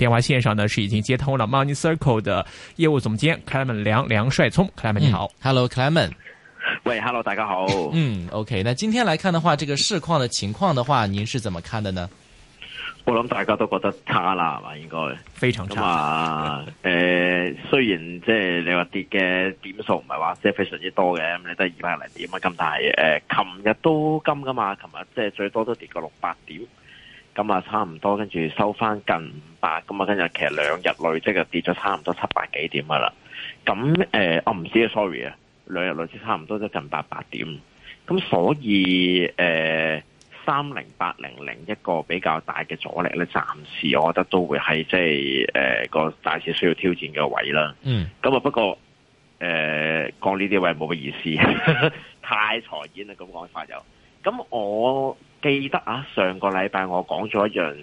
電話綫上呢是已經接通了 Money Circle 的業務總監 Clement 梁梁帥聰，Clement 你好、嗯、Hello Clement，喂，Hello 大家好， 嗯，OK，那今天來看的話，這個市況的情況的話，您是怎麼看的呢？我諗大家都覺得差啦，係嘛，應該非常差。誒、呃，雖然即係、呃、你話跌嘅點數唔係話即係非常之多嘅，咁你都係二百零點啊咁，但係誒，琴、呃、日都金噶嘛，琴日即係最多都跌過六百點。咁啊，差唔多，跟住收翻近五百。咁啊，跟住其實兩日累積就跌咗差唔多七百幾點噶啦。咁誒，我、呃、唔、哦、知啊，sorry 啊，兩日累積差唔多都近八百點。咁所以誒，三零八零零一個比較大嘅阻力咧，暫時我覺得都會係即係誒個大市需要挑戰嘅位啦。嗯。咁啊，不過誒，講呢啲位冇乜意思， 太財演啦。咁講法就，咁我。記得啊，上個禮拜我講咗一樣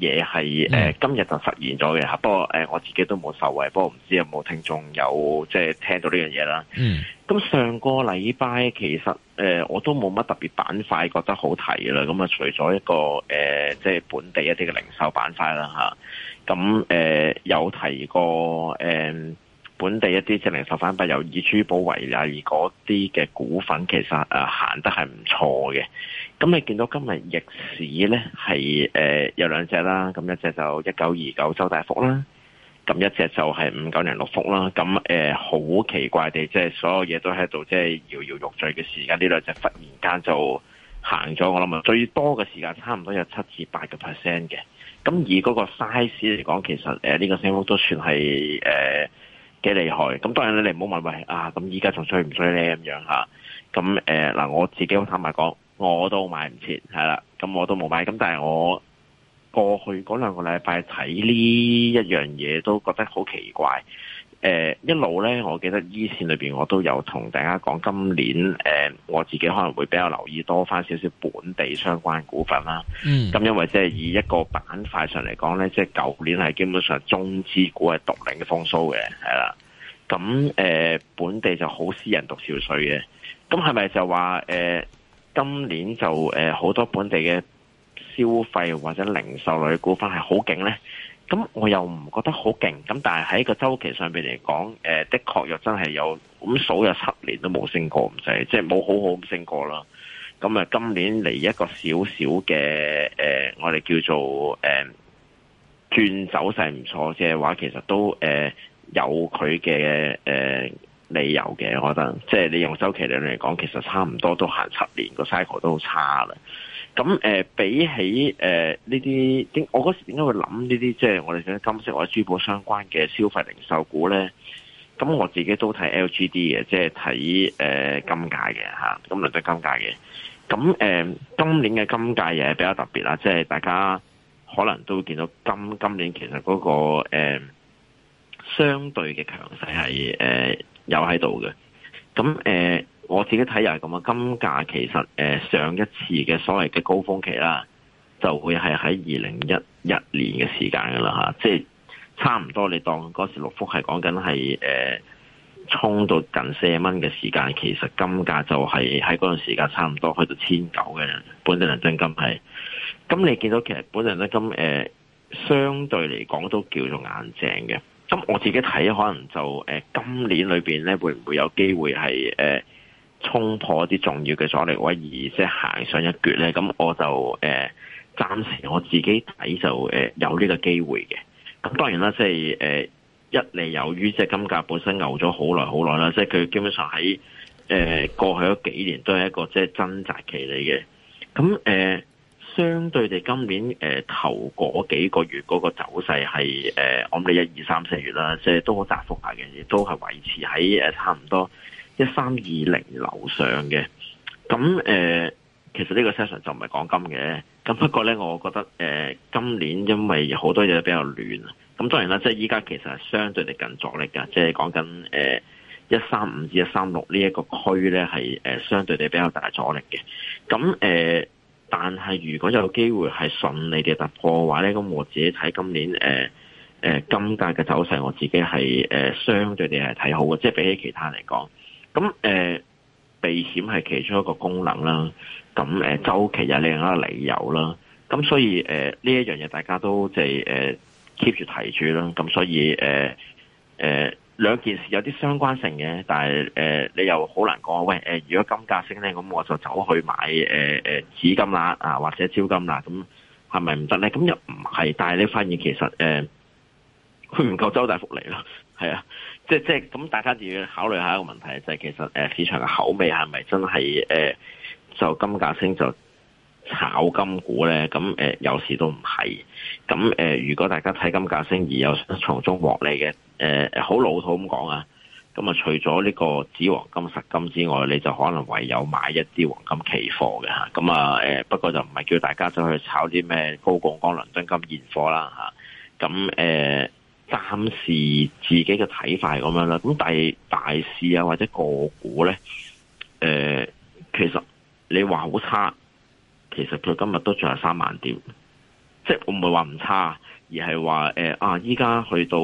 嘢係、呃、今日就實現咗嘅嚇。不過、呃、我自己都冇受惠，不過唔知有冇聽眾有即係聽到呢樣嘢啦。咁、嗯、上個禮拜其實、呃、我都冇乜特別板塊覺得好睇啦。咁啊，除咗一個、呃、即係本地一啲嘅零售板塊啦嚇。咁、呃、有提過、呃本地一啲隻零售品牌又以珠寶為例，而嗰啲嘅股份其實誒行得係唔錯嘅。咁你見到今日逆市咧，係誒、呃、有兩隻啦，咁一隻就一九二九周大福啦，咁一隻就係五九零六福啦。咁誒好奇怪地，即係所有嘢都喺度，即係搖搖欲墜嘅時間，呢兩隻忽然間就行咗。我諗啊，最多嘅時間差唔多有七至八個 percent 嘅。咁而嗰個 size 嚟講，其實誒呢、呃這個升幅都算係誒。呃幾厲害咁，當然咧，你唔好問喂啊！咁依家仲衰唔衰呢」咁樣吓咁誒，嗱，我自己好坦白講，我都買唔切係啦，咁我都冇買。咁但係我過去嗰兩個禮拜睇呢一樣嘢，都覺得好奇怪。誒、呃，一路咧，我記得依線裏邊我都有同大家講，今年誒、呃，我自己可能會比較留意多返少少本地相關股份啦。嗯，咁因為即、就、係、是、以一個板塊上嚟講咧，即係舊年係基本上是中資股係獨領風騷嘅，係啦。咁、嗯、誒、呃，本地就好私人獨少水嘅。咁係咪就話誒、呃，今年就誒好、呃、多本地嘅消費或者零售類嘅股份係好勁咧？咁我又唔覺得好勁，咁但係喺個週期上邊嚟講，誒的確又真係有，咁數有十年都冇升過咁滯，即係冇好好升過啦。咁啊，今年嚟一個小小嘅誒，我哋叫做誒轉走勢唔錯嘅話，其實都誒有佢嘅誒理由嘅，我覺得。即係你用週期嚟嚟講，其實差唔多都行七年個 cycle 都好差啦。咁誒，比起誒呢啲，我嗰時點解會諗呢啲，即係我哋講金飾或者珠寶相關嘅消費零售股咧？咁我自己都睇 LGD 嘅，即係睇誒金價嘅嚇，咁輪到金價嘅。咁誒，今年嘅金價又係比較特別啦，即係大家可能都見到今，今年其實嗰個誒相對嘅強勢係誒有喺度嘅。咁誒。我自己睇又係咁啊，金價其實誒、呃、上一次嘅所謂嘅高峰期啦，就會係喺二零一一年嘅時間噶啦吓，即、啊、係、就是、差唔多你當嗰時六福係講緊係誒衝到近四蚊嘅時間，其實金價就係喺嗰段時間差唔多去到千九嘅本地恒生金係。咁你見到其實本地恒生金誒、呃、相對嚟講都叫做硬淨嘅。咁我自己睇可能就誒、呃、今年裏邊咧會唔會有機會係誒？呃衝破一啲重要嘅阻力位，而即係行上一鑊咧，咁我就誒、呃、暫時我自己睇就誒有呢個機會嘅。咁當然啦，即係誒、呃、一嚟由於即係金價本身牛咗好耐好耐啦，即係佢基本上喺誒、呃、過去嗰幾年都係一個即係掙扎期嚟嘅。咁誒、呃、相對地今年誒、呃、頭嗰幾個月嗰個走勢係誒、呃，我哋一二三四月啦，即係都好窄幅下嘅，亦都係維持喺誒差唔多。一三二零樓上嘅，咁誒、呃，其實呢個 session 就唔係講金嘅。咁不過呢，我覺得誒、呃，今年因為好多嘢都比較亂，咁當然啦，即係依家其實係相對地近阻力㗎。即係講緊誒一三五至一三六呢一個區呢，係誒、呃、相對地比較大阻力嘅，咁誒、呃，但係如果有機會係順利地突破嘅話呢，咁我自己睇今年誒誒、呃呃、金價嘅走勢，我自己係誒、呃、相對地係睇好嘅，即係比起其他嚟講。咁誒、呃，避險係其中一個功能啦。咁誒、呃，週期又另一個理由啦。咁所以誒，呢、呃、一樣嘢大家都即係誒 keep 住睇住啦。咁所以誒誒，兩、呃呃、件事有啲相關性嘅。但係誒、呃，你又好難講喂。誒、呃，如果金價升咧，咁我就走去買誒誒紫金啦啊，或者招金啦。咁係咪唔得咧？咁又唔係。但係你發現其實誒，佢唔夠周大福利咯。係 啊。即即咁，大家就要考慮一下一個問題，就係、呃、其實市場嘅口味係咪真係、呃、就金價升就炒金股咧？咁、呃、有時都唔係。咁、呃、如果大家睇金價升而有從中獲利嘅、呃、好老土咁講啊。咁啊，除咗呢個紙黃金、實金之外，你就可能唯有買一啲黃金期貨嘅。咁啊，不過就唔係叫大家走去炒啲咩高槓桿倫敦金現貨啦咁暫時自己嘅睇法咁樣啦，咁但係大市啊或者個股呢，誒、呃，其實你話好差，其實佢今日都仲有三萬點，即係我唔係話唔差，而係話誒啊，依家去到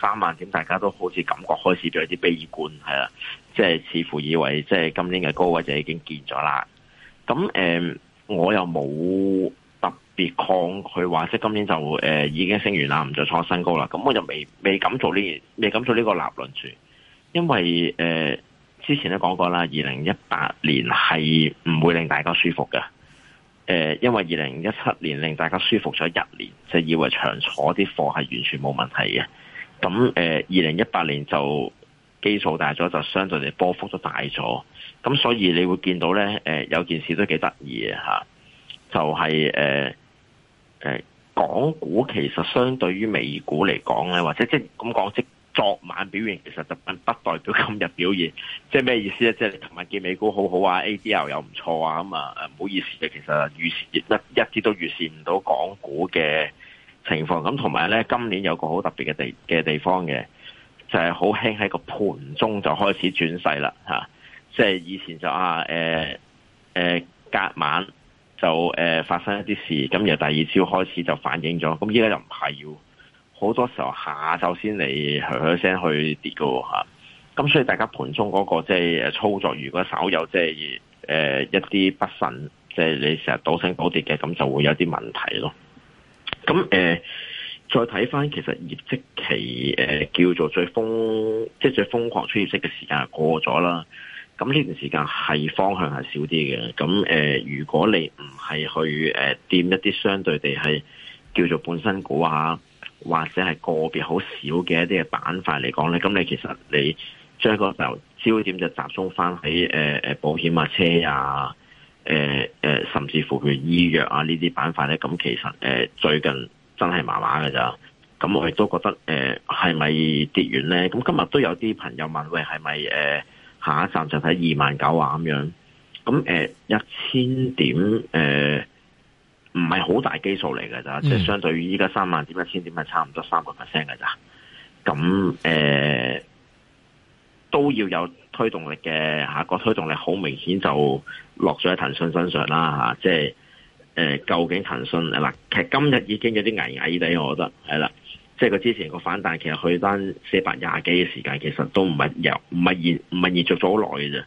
三萬點，大家都好似感覺開始有啲悲觀係啦，即係、就是、似乎以為即係今年嘅高位就已經見咗啦，咁誒、呃，我又冇。特別抗拒話，即今年就誒、呃、已經升完啦，唔再創新高啦。咁我就未未敢做呢，未敢做呢個立論住，因為誒、呃、之前都講過啦，二零一八年係唔會令大家舒服嘅。誒、呃，因為二零一七年令大家舒服咗一年，就是、以為長坐啲貨係完全冇問題嘅。咁誒，二零一八年就基數大咗，就相對地波幅都大咗。咁所以你會見到呢，誒、呃、有件事都幾得意嘅吓。就係誒誒，港股其實相對於美股嚟講咧，或者即係咁講，即，即昨晚表現，其實就並不代表今日表現。即係咩意思咧？即係你琴日見美股好好啊，A D L 又唔錯啊，咁啊，唔好意思、啊、其實預示一一啲都預示唔到港股嘅情況。咁同埋咧，今年有個好特別嘅地嘅地方嘅，就係好輕喺個盤中就開始轉勢啦，吓、啊！即係以前就啊，誒、呃、誒、呃，隔晚。就誒、呃、發生一啲事，咁由第二朝開始就反映咗，咁依家又唔係要，好多時候下晝先嚟響響聲去跌嘅嚇，咁所以大家盤中嗰個即係操作，如果稍有即係誒一啲不慎，即係你成日倒升倒跌嘅，咁就會有啲問題咯。咁誒、呃，再睇翻其實業績期誒、呃、叫做最瘋，即係最瘋狂出業績嘅時間係過咗啦。咁呢段時間係方向係少啲嘅，咁、呃、如果你唔係去誒掂、呃、一啲相對地係叫做半新股啊，或者係個別好少嘅一啲嘅板塊嚟講咧，咁你其實你將個時焦點就集中翻喺誒保險啊、車、呃、啊、誒甚至乎佢醫藥啊呢啲板塊咧，咁其實誒、呃、最近真係麻麻㗎咋，咁我亦都覺得誒係咪跌完咧？咁今日都有啲朋友問，喂，係咪誒？呃下一站就睇二萬九啊，咁、呃、樣，咁誒一千點誒唔係好大基數嚟噶咋，即、嗯、係相對於依家三萬點一千點係差唔多三個 percent 噶咋，咁誒、呃、都要有推動力嘅，下、啊、個、一個推動力好明顯就落咗喺騰訊身上啦吓，即係誒究竟騰訊嗱，其實今日已經有啲危危地，我覺得係啦。即係佢之前個反彈，其實去翻四百廿幾嘅時間，其實都唔係由唔係延唔係延續咗好耐嘅啫。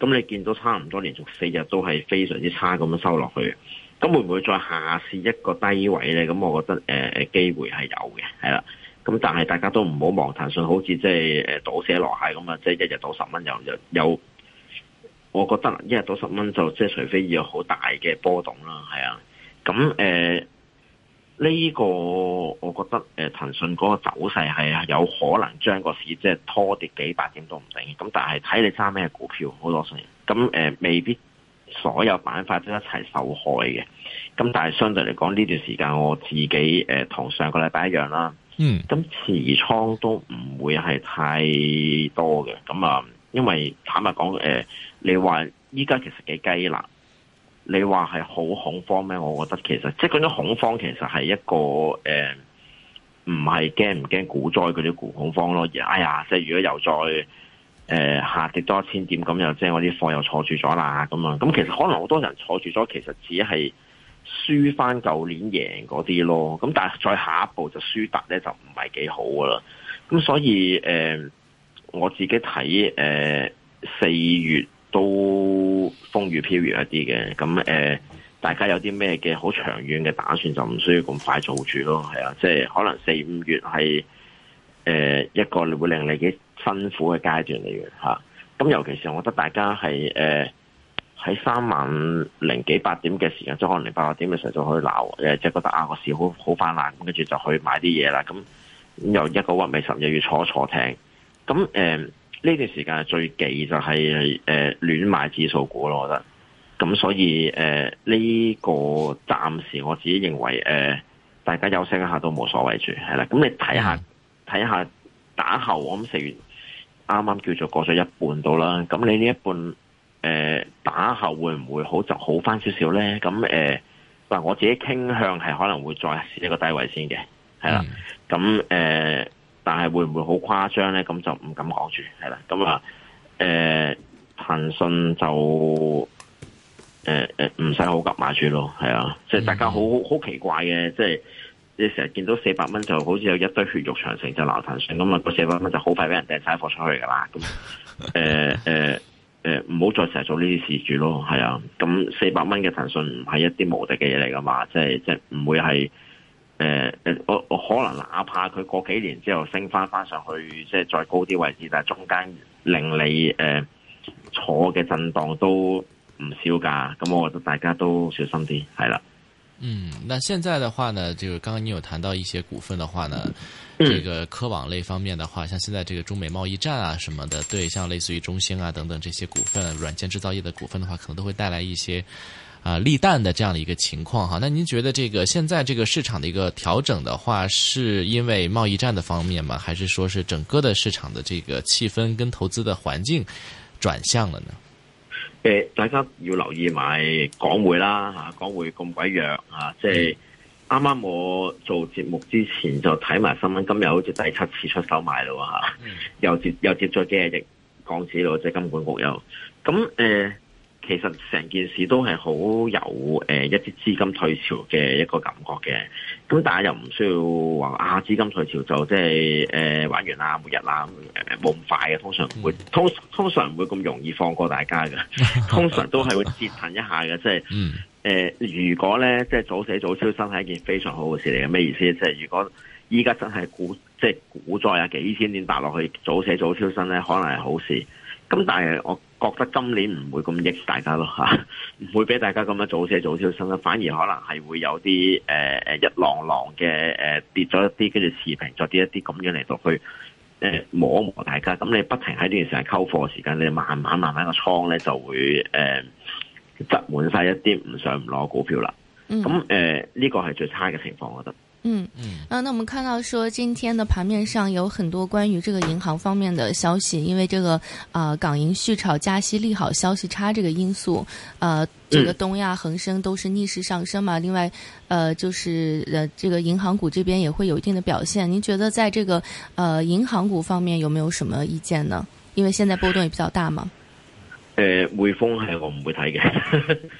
咁你見到差唔多連續四日都係非常之差咁樣收落去，咁會唔會再下試一個低位咧？咁我覺得誒誒、呃、機會係有嘅，係啦。咁但係大家都唔好望騰訊，好似即係誒倒寫落嚟咁啊！即係一日倒十蚊又又又，我覺得一日倒十蚊就即係除非要有好大嘅波動啦，係啊。咁誒。呃呢、這個我覺得誒、呃、騰訊嗰個走勢係有可能將個市即係拖跌幾百點都唔定，咁但係睇你揸咩股票好多時，咁誒、呃、未必所有板塊都一齊受害嘅，咁但係相對嚟講呢段時間我自己誒同、呃、上個禮拜一樣啦，嗯，咁持倉都唔會係太多嘅，咁啊，因為坦白講誒、呃，你話依家其實幾雞肋。你話係好恐慌咩？我覺得其實即係嗰種恐慌，其實係一個誒，唔係驚唔驚股災嗰啲股恐慌咯。而哎呀，即係如果又再誒、呃、下跌多一千點，咁又即係我啲貨又坐住咗啦咁樣。咁其實可能好多人坐住咗，其實只係輸翻舊年贏嗰啲咯。咁但係再下一步就輸突咧，就唔係幾好噶啦。咁所以誒、呃，我自己睇誒四月。都風雨飄搖一啲嘅，咁誒、呃，大家有啲咩嘅好長遠嘅打算就唔需要咁快做住咯，係啊，即係可能四五月係誒、呃、一個會令你幾辛苦嘅階段嚟嘅吓。咁尤其是我覺得大家係誒喺三萬零幾百點嘅時間，即可能零八百點嘅時候就可以鬧、呃、即係覺得啊個市好好翻啦，咁跟住就去買啲嘢啦。咁又一個屈尾十，要坐一坐艇，咁呢段時間係最忌就係誒亂買指數股咯，我覺得。咁所以誒呢、呃這個暫時我自己認為誒、呃，大家休息一下都冇所謂住，係啦。咁你睇下睇、嗯、下打後，我諗四月啱啱叫做過咗一半度啦。咁你呢一半誒、呃、打後會唔會好就好翻少少咧？咁誒嗱，我自己傾向係可能會再試一個低位先嘅，係啦。咁、嗯、誒。嗯嗯但係會唔會好誇張咧？咁就唔敢講住係啦。咁啊，誒，騰訊就誒誒，唔使好急買住咯。係啊，即係大家好好奇怪嘅，即係你成日見到四百蚊就好似有一堆血肉長城就鬧騰訊咁啊，四百蚊就好快俾人掟晒貨出去噶啦。咁誒誒誒，唔好再成日做呢啲事住咯。係啊，咁四百蚊嘅騰訊唔係一啲無敵嘅嘢嚟噶嘛，即係即係唔會係。誒、呃、誒，我、呃、我、呃、可能哪怕佢過幾年之後升返返上去，即係再高啲位置，但係中間令你誒、呃、坐嘅震蕩都唔少㗎。咁我覺得大家都小心啲，係啦。嗯，那現在的話呢，就剛剛你有談到一些股份的話呢、嗯，這個科網類方面的話，像現在這個中美貿易戰啊什麼的，對，像類似於中興啊等等這些股份、軟件製造業的股份的話，可能都會帶來一些。啊，利淡的這樣的一個情況哈、啊，那您覺得這個現在這個市場的一個調整的話，是因為貿易戰的方面嗎？還是說是整個的市場的這個氣氛跟投資的環境轉向了呢？誒、呃，大家要留意埋港匯啦，吓港匯咁鬼弱啊！即係啱啱我做節目之前就睇埋新聞，今日好似第七次出手買咯吓、啊嗯，又接又接咗幾啊隻港紙咯，即、就、係、是、金管局又咁誒。其實成件事都係好有誒、呃、一啲資金退潮嘅一個感覺嘅，咁大家又唔需要話啊資金退潮就即係誒玩完啦，末日啦咁，冇、呃、咁快嘅，通常唔會通通常唔會咁容易放過大家嘅，通常都係會折騰一下嘅、 即係呃，即係誒如果咧即係早死早超生係一件非常好嘅事嚟嘅，咩意思？即係如果依家真係股即係股災啊，幾千點打落去，早死早超生咧可能係好事，咁但係我。覺得今年唔會咁益大家咯嚇，唔會俾大家咁樣早些早消身啦，反而可能係會有啲誒一浪浪嘅誒跌咗一啲，跟住持平再跌一啲咁樣嚟到去誒、呃、摸一摸大家，咁你不停喺呢段時間溝貨時間，你慢慢慢慢個倉咧就會誒集滿晒一啲唔上唔攞股票啦。咁誒呢個係最差嘅情況，我覺得。嗯嗯，那我們看到說今天的盤面上有很多關於這個銀行方面的消息，因為這個啊、呃、港銀續炒加息利好消息差這個因素，呃，這個東亞恆生都是逆勢上升嘛。另外，呃，就是呃這個銀行股這邊也會有一定的表現。您覺得在這個呃銀行股方面有沒有什麼意見呢？因為現在波動也比較大嘛。呃，匯豐係我唔會睇嘅，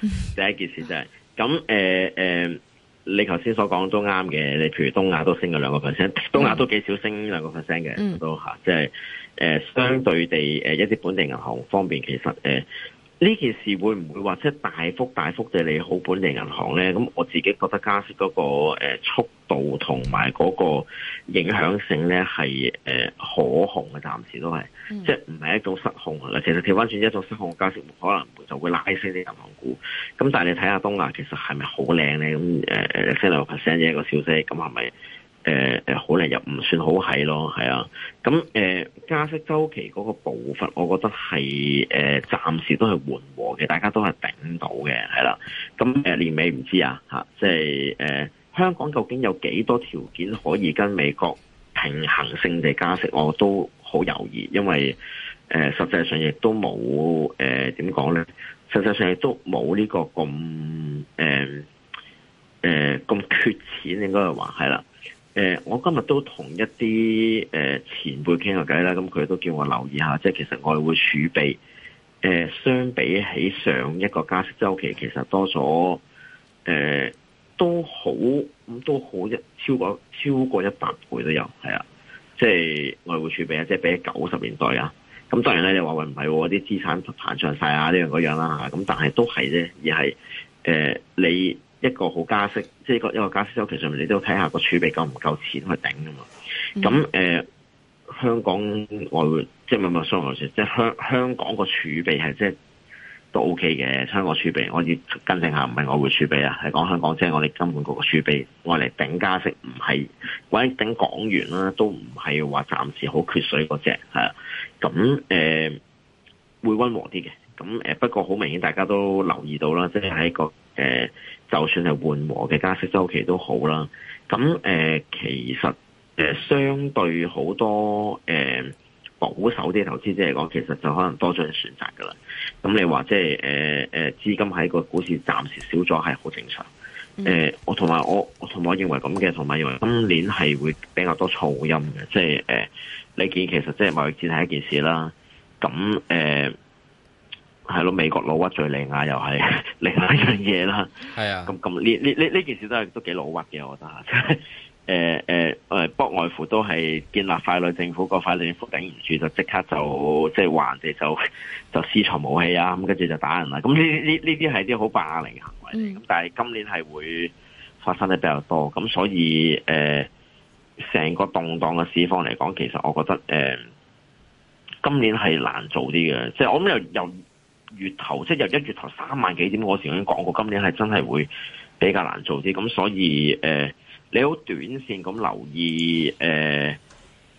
第一件事就係咁誒誒。 你頭先所講都啱嘅，你譬如東亞都升咗兩個 percent，東亞都幾少升兩個 percent 嘅都嚇，即係、就是呃、相對地、呃、一啲本地銀行方面，其實呢、呃、件事會唔會話即係大幅大幅地利好本地銀行咧？咁我自己覺得加息嗰個速度同埋嗰個影響性咧，係可控嘅，暫時都係。嗯、即係唔係一種失控啦，其實調翻轉一種失控，加息可能就會拉升啲銀行股。咁但係你睇下東亞其實係咪好靚咧？咁誒誒 e c e 一個消息，咁係咪好靚又唔算好係咯？係啊，咁誒加息周期嗰個步伐，我覺得係暫時都係緩和嘅，大家都係頂到嘅，係啦。咁誒年尾唔知啊嚇，即係誒香港究竟有幾多條件可以跟美國平衡性地加息，我都。好猶豫，因為誒實際上亦都冇誒點講咧，實際上亦都冇、呃、呢個咁誒誒咁缺錢應該話係啦。誒、呃，我今日都同一啲誒、呃、前輩傾下偈啦，咁佢都叫我留意下，即係其實外匯儲備誒、呃、相比起上一個加息週期，其實多咗誒、呃、都好咁都好一超過超過一百倍都有，係啊！即、就、係、是、外匯儲備啊，即、就、係、是、比九十年代啊，咁當然咧，你話喂，唔係喎，啲資產膨脹晒啊，呢樣嗰樣啦，咁但係都係啫，而係，誒、呃，你一個好加息，即係一個一個加息周期上面，你要看看夠夠都睇下個儲備夠唔夠錢去頂噶嘛，咁、嗯、誒、呃，香港外匯，即係咪咪？唔係雙外即係香香港個儲備係即係。都 OK 嘅，香港儲備，我要跟定下，唔係外匯儲備啊，係講香港即係我哋金管局嘅儲備，我嚟頂加息，唔係，或者頂港元啦，都唔係話暫時好缺水嗰隻，係啊，咁誒、呃、會溫和啲嘅，咁不過好明顯大家都留意到啦，即係喺個誒、呃，就算係緩和嘅加息周期都好啦，咁、呃、其實、呃、相對好多誒。呃保守啲投資者嚟講，其實就可能多咗嘅選擇噶啦。咁你話即係誒誒，資金喺個股市暫時少咗，係好正常。誒、呃，我同埋我，我同我認為咁嘅，同埋認為今年係會比較多噪音嘅。即係誒、呃，你見其實即係貿易戰係一件事啦。咁誒，係、呃、咯，美國老屈敘利亞又係 另外一樣嘢啦。係啊。咁咁呢呢呢呢件事都係都幾老屈嘅，我覺得。 誒誒誒，不外乎都係建立傀儡政府嗰，傀儡頂唔住，就即刻就即係還就就私藏武器啊，咁跟住就打人啦。咁呢呢呢啲係啲好霸凌嘅行為。咁但係今年係會發生得比較多，咁所以誒，成個動蕩嘅市況嚟講，其實我覺得誒，今年係難做啲嘅。即係我由由月頭，即係由一月頭三萬幾點嗰時已經講過，今年係真係會比較難做啲。咁所以誒。呃你好，短線咁留意，誒、呃，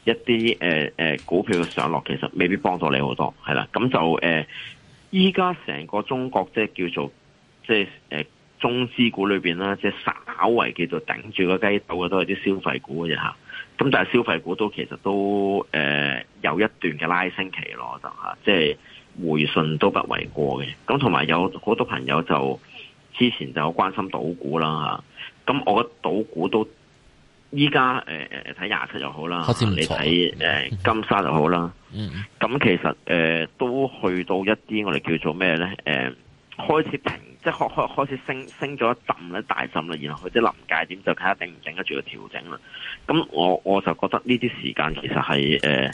一啲誒誒股票嘅上落，其實未必幫助你好多，係啦，咁就誒，依家成個中國即係叫做，即係誒、呃、中資股裏邊啦，即係稍為叫做頂住個雞斗嘅都係啲消費股嘅啫吓，咁、啊、但係消費股都其實都誒、呃、有一段嘅拉升期咯，就、啊、吓，即係回信都不為過嘅，咁同埋有好多朋友就之前就關心賭股啦吓。啊咁我嘅賭股都依家誒誒睇廿七又好啦，你睇誒、呃、金沙又好啦。嗯，咁其實誒、呃、都去到一啲我哋叫做咩咧？誒、呃，開始停，即係開開開始升升咗一浸咧，大浸啦，然後去啲臨界點，就睇下頂唔頂得住個調整啦。咁我我就覺得呢啲時間其實係誒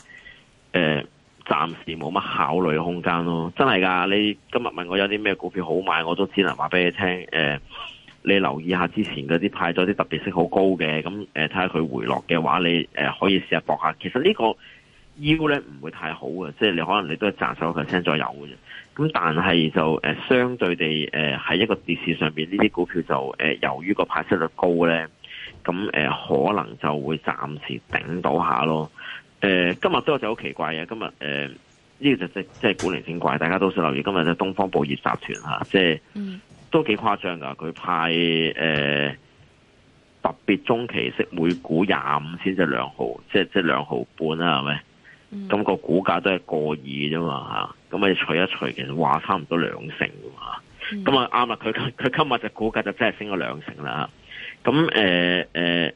誒暫時冇乜考慮空間咯。真係噶，你今日問我有啲咩股票好買，我都只能話俾你聽誒。呃你留意下之前嗰啲派咗啲特別息好高嘅，咁睇下佢回落嘅話，你、呃、可以試下搏下。其實呢個腰咧唔會太好嘅，即、就、係、是、你可能你都係賺十個 percent 左右嘅啫。咁但係就、呃、相對地喺、呃、一個跌市上邊呢啲股票就、呃、由於個派息率高咧，咁、呃、可能就會暫時頂到下咯。誒、呃、今日都有就好奇怪嘅，今日誒呢個即即係古靈精怪，大家都識留意。今日就東方報業集團即係。啊就是嗯都幾誇張噶，佢派誒、呃、特別中期息每股廿五先至兩毫，即係即係兩毫半啦，係咪？咁、嗯，那個股價都係過二啫、啊、嘛，吓咁你除一除，其實話差唔多兩成噶嘛。咁，啊，啱啦，佢佢今日隻股價就真係升咗兩成啦，咁誒誒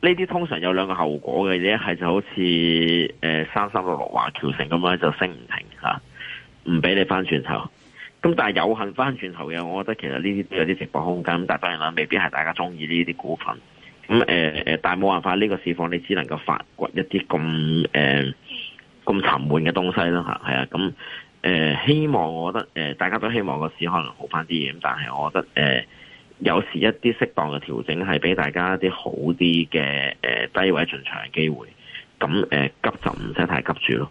呢啲通常有兩個後果嘅，一係就好似誒、呃、三三六六華僑城咁樣，就升唔停吓，唔、啊、俾你翻轉頭。咁、嗯、但係有幸翻轉頭嘅，我覺得其實呢啲都有啲直播空間。咁但係當然啦，未必係大家中意呢啲股份。咁、嗯呃、但係冇辦法，呢、呢個市況你只能夠發掘一啲咁誒咁沉悶嘅東西啦。係啊，咁、嗯呃、希望我覺得、呃、大家都希望個市可能好翻啲咁，但係我覺得、呃、有時一啲適當嘅調整係俾大家一啲好啲嘅、呃、低位進場嘅機會。咁、嗯呃、急就唔使太急住咯。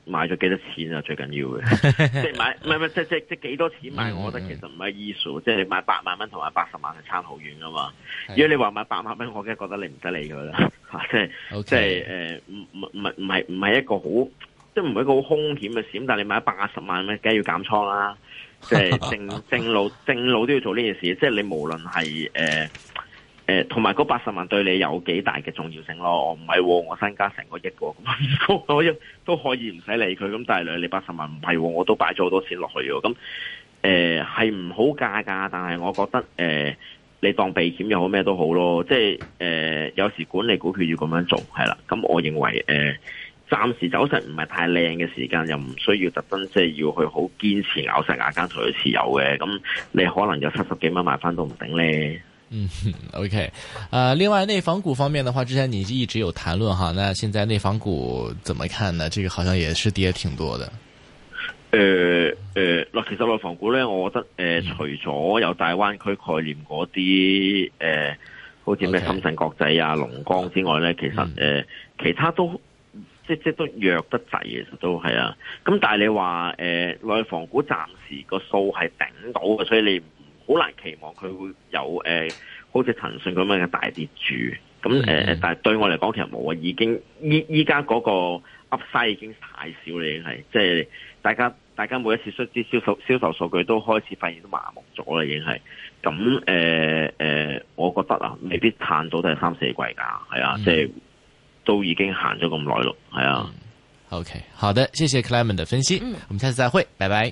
買咗幾多錢啊，最緊要嘅， 即係買唔係唔係即係即係即係幾多錢買，嗯？我覺得其實唔係依數，即係你買八萬蚊同埋八十萬係差好遠噶嘛。如果你話買八萬蚊，我梗係覺得你唔得理㗎啦、 okay. 呃，即係即係誒唔唔唔唔係唔係一個好即係唔係一個好兇險嘅事。但係你買八十萬咧，啊，梗係要減倉啦。即係正正路正路都要做呢件事。即係你無論係誒。呃誒，同埋嗰八十萬對你有幾大嘅重要性咯？我唔係、啊，我身家成個億嘅，咁都可以唔使理佢。咁但係你八十萬唔係、啊，我都擺咗好多錢落去嘅。咁誒係唔好價噶，但係我覺得誒、嗯，你當避險又好咩都好咯。即係誒、嗯，有時管理股票要咁樣做係啦。咁、嗯嗯、我認為誒，暫、嗯、時走勢唔係太靚嘅時間，又唔需要特登即係要去好堅持咬實牙間同佢持有嘅。咁、嗯、你可能有七十幾蚊買翻都唔定咧。嗯，OK，啊、呃，另外內房股方面的話，之前你一直有談論哈，那現在內房股怎麼看呢？這個好像也是跌挺多的。誒、呃、誒，嗱、呃，其實內房股咧，我覺得誒、呃，除咗有大灣區概念嗰啲誒，好似咩深圳國際啊、龍、okay. 光之外咧，其實誒、呃，其他都即即都弱得滯，其實都係啊。咁但係你話誒，內、呃、房股暫時個數係頂到嘅，所以你。好難期望佢會有誒、呃，好似騰訊咁樣嘅大跌柱咁誒、呃嗯，但係對我嚟講其實冇，啊，已經依依家嗰個 Upside 已經太少啦，已經係即係大家大家每一次出啲銷售銷售數據都開始發現都麻木咗啦，已經係咁誒誒，我覺得啊，未必撐到都第三四季噶，係啊，嗯、即係都已經行咗咁耐咯，係啊、嗯。OK，好的，謝謝 Clayman 的分析、嗯，我們下次再會，拜拜。